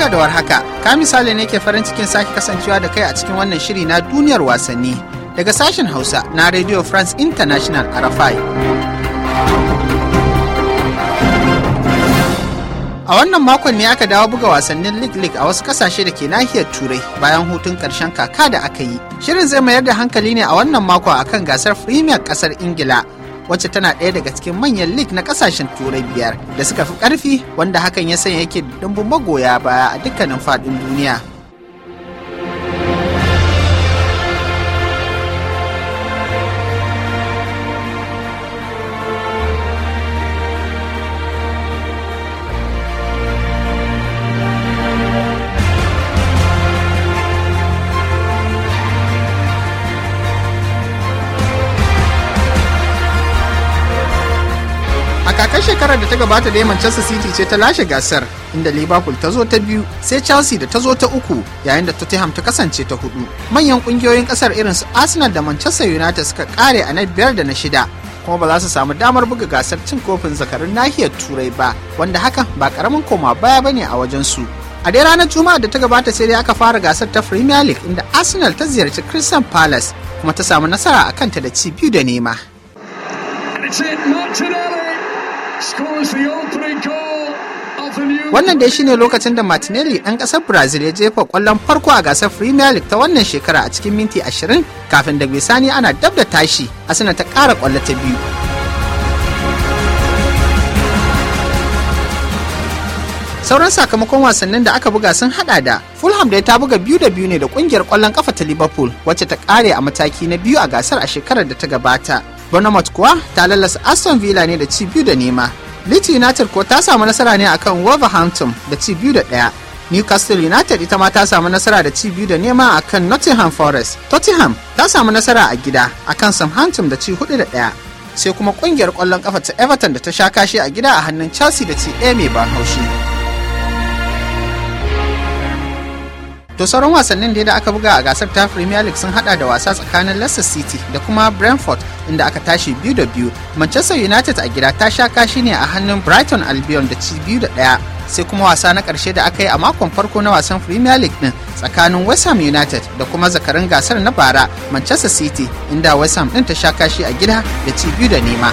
Barka da haka, ka misali ne ke farin cikin sake kasancewa da kai a cikin wannan shiri na duniyar wasanni daga sashen Hausa na Radio France International Arafai. A wannan makon ne aka dawo buga wasannin League Lig a wasu kasashe da ke nahiyar Turai bayan hutun ƙarshen kaka da aka yi. Shirin zai mayar da hankali ne a wannan mako akan gasar Premier ƙasar Ingila. wacce tana ɗaya daga cikin manyan lig na ƙasashen turai biyar da suka fi ƙarfi wanda hakan ya sanya yake dimbin magoya baya a dukkanin faɗin duniya. kakar shekarar da ta gabata dai Manchester City ce ta lashe gasar inda Liverpool ta zo ta biyu sai Chelsea da ta zo ta uku yayin da Tottenham ta kasance ta hudu. Manyan kungiyoyin kasar irin su Arsenal da Manchester United suka kare a na biyar da na shida kuma ba za su samu damar buga gasar cin kofin zakarun nahiyar turai ba wanda hakan ba karamin koma baya ba ne a wajen su. a dai ranar juma'a da ta gabata sai dai aka fara gasar ta premier league inda arsenal ta ziyarci crystal palace kuma ta samu nasara a kanta da ci biyu da nema Wannan dai shine lokacin da Martinelli ɗan ƙasar Brazil ya jefa ƙwallon farko a gasar Premier League ta wannan shekara a cikin minti 20 kafin da bisani ana dab da tashi sanar ta ƙara ƙwallo ta biyu. Sauran sakamakon wasannin da aka buga sun hada da Fulham da ta buga biyu da biyu ne da kungiyar ƙwallon kafa ta Liverpool wacce ta ƙare a mataki na biyu a gasar a shekarar da ta gabata. bonamot kuwa ta lallasa Aston Villa ne da ci biyu da nema. Leeds United kuwa ta samu nasara ne akan Wolverhampton da ci biyu da ɗaya. Newcastle United ita ma ta samu nasara da ci biyu da nema akan Nottingham Forest. Tottenham ta samu nasara a gida akan Southampton da ci hudu da ɗaya. Sai kuma kungiyar kwallon ƙafa ta Everton da ta sha kashi a gida a hannun Chelsea da ci ɗaya mai ban haushi. To sauran wasannin da aka buga a gasar ta Premier League sun hada da wasa tsakanin Leicester City da kuma Brentford inda aka tashi biyu da biyu. Manchester United a gida ta sha kashi ne a hannun Brighton Albion da ci biyu da ɗaya. Sai kuma wasa na karshe da aka yi a makon farko na wasan Premier League din tsakanin West Ham United da kuma zakarin gasar na bara Manchester City inda West Ham din ta sha kashi a gida da ci biyu da nema.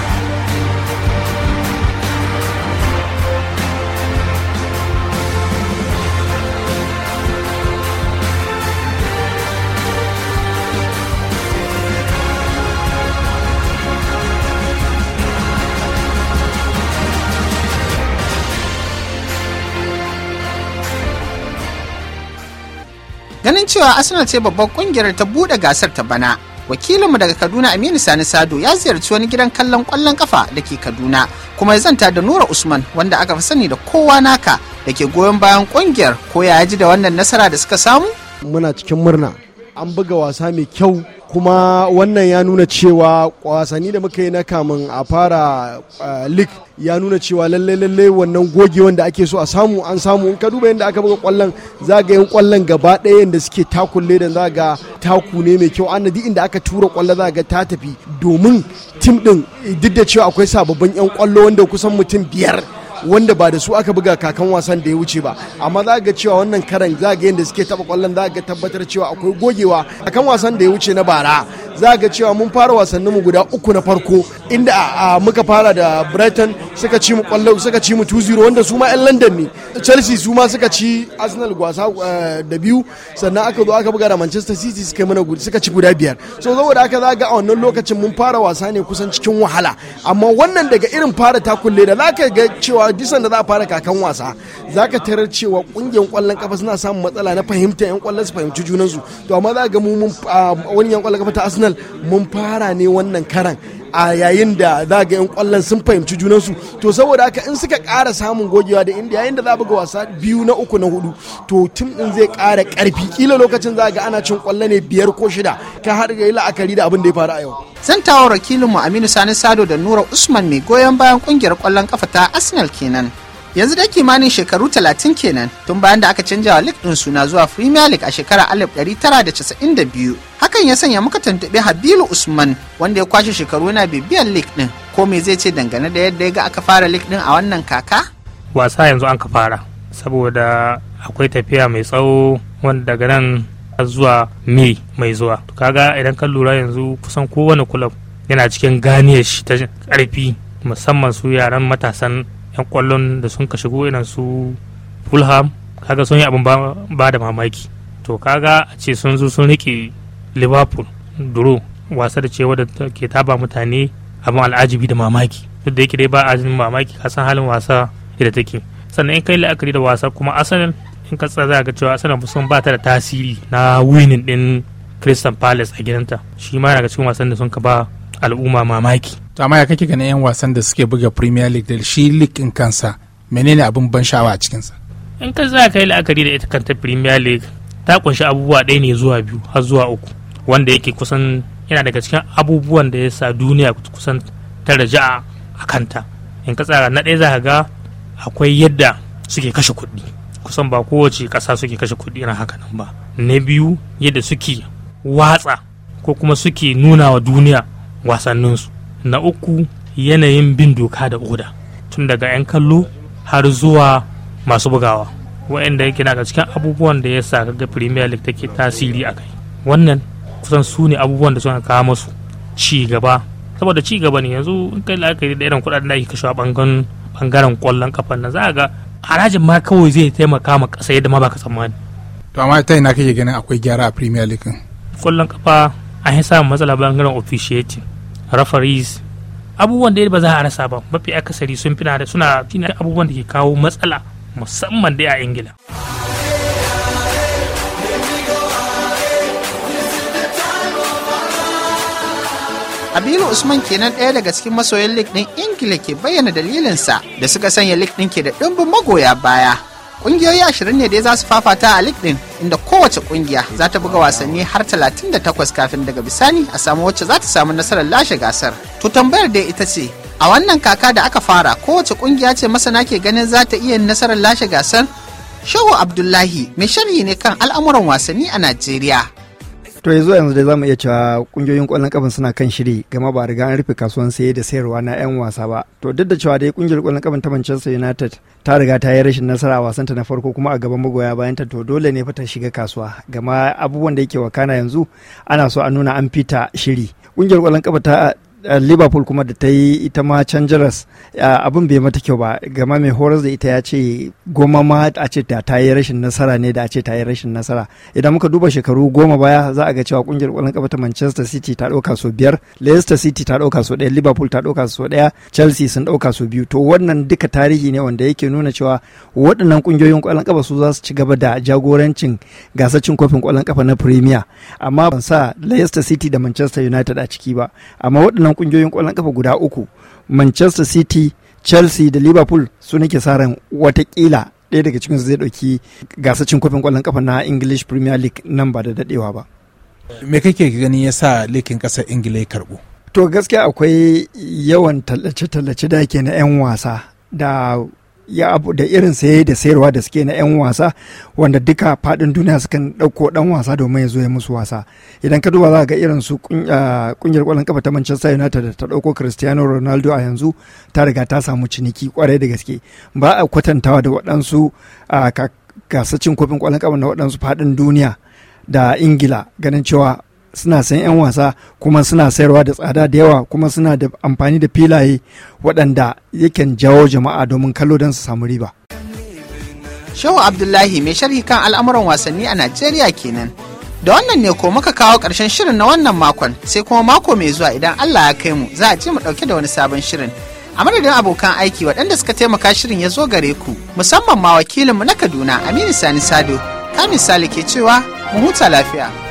Ganin cewa Arsenal ce babbar kungiyar ta bude gasar ta bana. Wakilinmu daga Kaduna Aminu Sani Sado ya ziyarci wani gidan kallon kwallon kafa da ke Kaduna kuma ya zanta da Nura Usman wanda aka fi sani da kowa naka da ke goyon bayan kungiyar ko ya ji da wannan nasara da suka samu? Muna cikin murna an buga wasa mai kyau kuma wannan ya nuna cewa wasanni da muka yi na kamun a fara eh, lig ya nuna cewa lalle lalle wannan goge wanda ake so a samu an samu in ka duba yadda aka buga kwallon zagayen ga kwallon gaba ɗaya yadda suke takun ledan za ga taku ne mai kyau an inda aka tura kwallo za ga ta tafi domin tim din duk da cewa akwai sababbin yan kwallo wanda kusan mutum biyar wanda ba da su aka buga kakan wasan da ya wuce ba amma za ga cewa wannan karan za ga yadda suke taba kwallon za ga tabbatar cewa akwai gogewa kakan wasan da ya wuce na bara za ga cewa mun fara wasannin mu guda uku na farko inda a muka fara da brighton suka ci mu kwallo suka ci mu 2-0 wanda su ma ɗan london ne chelsea su ma suka ci arsenal gwasa eh, da biyu sannan aka zo aka buga da manchester city suka mana suka ci guda biyar so saboda haka za ga a wannan lokacin mun fara wasa ne kusan cikin wahala amma wannan daga irin fara takulle da zaka ga cewa disan da za a fara kakan wasa zaka tarar cewa kungiyar kwallon kafa suna samun matsala na fahimta yan kwallon su fahimci junansu to amma za ga mu mun wani yan kwallon kafa ta arsenal arsenal mun fara ne wannan karan a yayin da za ga 'yan kwallon sun fahimci junansu to saboda haka in suka kara samun gogewa da inda yayin da za buga wasa biyu na uku na hudu to tim din zai kara ƙarfi kila lokacin za ga ana cin kwallo ne biyar ko shida ka har ga yi la'akari da abin da ya faru a yau zan tawo wakilinmu aminu sani sado da nura usman mai goyon bayan kungiyar kwallon kafa ta arsenal kenan yanzu dai kimanin shekaru 30 kenan tun bayan da aka canja wa league din suna zuwa Premier League a shekara 1992 hakan ya sanya muka tantabi Habilu Usman wanda ya kwashe shekaru na bibiyar league din ko me zai ce dangane da yadda ya ga aka fara league din a wannan kaka wasa yanzu an ka fara saboda akwai tafiya mai tsawo wanda daga nan zuwa mai mai zuwa kaga idan ka lura yanzu kusan kowane kulob yana cikin ganiyar shi ta karfi musamman su yaran matasan yan kwallon da sun ka shigo irin su fulham kaga sun yi abin ba da mamaki to kaga a ce sun zo sun rike liverpool duro wasa da cewa da ke taba mutane abin al'ajibi da mamaki duk da yake dai ba ajin mamaki ka san halin wasa da take sannan in kai la'akari da wasa kuma arsenal in ka tsaya ga cewa arsenal sun ba ta da tasiri na winning din crystal palace a gidanta shi ma daga cikin wasan da sun ka ba al'umma mamaki to amma ya kake ganin yan wasan da suke buga premier league da shi league in kansa menene abin ban sha'awa a cikinsa in ka za ka yi la'akari da ita kanta premier league ta kunshi abubuwa ɗaya ne zuwa biyu har zuwa uku wanda yake kusan yana daga cikin abubuwan da ya sa duniya kusan ta raja a kanta in ka tsara na ɗaya za ka ga akwai yadda suke kashe kuɗi kusan ba kowace ƙasa suke kashe kuɗi na haka nan ba na biyu yadda suke watsa ko kuma suke nuna wa duniya wasanninsu na uku yanayin bin doka da oda tun daga 'yan kallo har zuwa masu bugawa wa'anda yake daga cikin abubuwan da ya sa ga premier league take tasiri a kai wannan kusan su ne abubuwan da suka kawo masu ci gaba saboda ci gaba ne yanzu in kai la'akari da irin kuɗaɗen da ake kashewa bangaren bangaren ƙwallon kafan nan za ga harajin ma kawai zai taimaka ma kasa yadda ma baka tsammani to amma ta ina kake ganin akwai gyara a premier league ƙwallon kafa an yi samun matsala bangaren officiating referees abubuwan da ba za a rasa ba mafi akasari sun fina da suna fina abubuwan da ke kawo matsala musamman dai a ingila Abilu Usman kenan ɗaya daga cikin masoyan lig ɗin Ingila ke bayyana dalilinsa da suka sanya lik ɗin ke da ɗumbin magoya baya. Ƙungiyoyi ashirin ne dai za su fafata a lig ɗin inda kowace ƙungiya za ta buga wasanni har 38 kafin daga bisani a samu wacce za ta samu nasarar lashe gasar. To tambayar dai ita ce, a wannan kaka da aka fara kowace ƙungiya ce masana ke ganin za ta iya nasarar lashe gasar? Shehu Abdullahi mai sharhi ne kan al'amuran wasanni a Najeriya. To yanzu yanzu dai zamu iya cewa kungiyoyin kwallon kafan suna kan shiri gama ba riga an rufe kasuwan saye da sayarwa na 'yan wasa ba. To duk da cewa dai kungiyar kwallon kafan ta Manchester United ta riga ta yi rashin nasara a wasanta na farko kuma a gaban magoya bayan ta to dole ne fa ta shiga kasuwa gama abubuwan da yake wakana yanzu ana so a nuna an fita shiri. Kungiyar kwallon kafa ta Uh, liverpool kuma da ta yi ita ma canjaras uh, abin bai mata kyau ba gama mai horar da ita ya ce goma ma a ce ta yi rashin nasara ne da a ce ta yi rashin nasara idan muka duba shekaru goma baya za a ga cewa kungiyar kwallon kafa ta manchester city ta ɗauka so biyar leicester city ta ɗauka so ɗaya liverpool ta ɗauka so ɗaya chelsea sun ɗauka so biyu to wannan duka tarihi ne wanda yake nuna cewa waɗannan kungiyoyin kwallon kafa su za su ci gaba da jagorancin gasar cin kofin kwallon kafa na premier amma ban sa leicester city da manchester united a ciki ba amma waɗannan wannan kungiyoyin kwallon kafa guda uku manchester city chelsea da liverpool su nake sa ran watakila ɗaya daga cikinsu zai ɗauki gasar cin kofin kwallon kafa na english premier league nan ba da daɗewa ba me kake gani ya sa likin ƙasar ingila ya karɓo to gaskiya akwai yawan tallace-tallace da ke na 'yan wasa da ya abu da irin saye da sayarwa da suke na 'yan wasa wanda duka faɗin duniya sukan ɗauko ɗan wasa domin ya zo ya musu wasa idan ka duba za ga irin su kungiyar ah, kwallon kafa ta manchester united da ta ɗauko cristiano ronaldo a yanzu ta riga ta samu ciniki kwarai da gaske ba a kwatantawa da waɗansu ah, gasar cin kofin kwallon kafa na waɗansu faɗin duniya da ingila ganin cewa suna sayan 'yan wasa kuma suna sayarwa da tsada da yawa kuma suna da amfani da filaye waɗanda yake jawo jama'a domin kallo don su samu riba. Shehu Abdullahi mai sharhi kan al'amuran wasanni a Najeriya kenan. Da wannan ne ko muka kawo ƙarshen shirin na wannan makon sai kuma mako mai zuwa idan Allah ya kai mu za a ce mu ɗauke da wani sabon shirin. A madadin abokan aiki waɗanda suka taimaka shirin ya zo gare ku musamman ma wakilinmu na Kaduna Aminu Sani Sado. Kamin Sale ke cewa mu huta lafiya.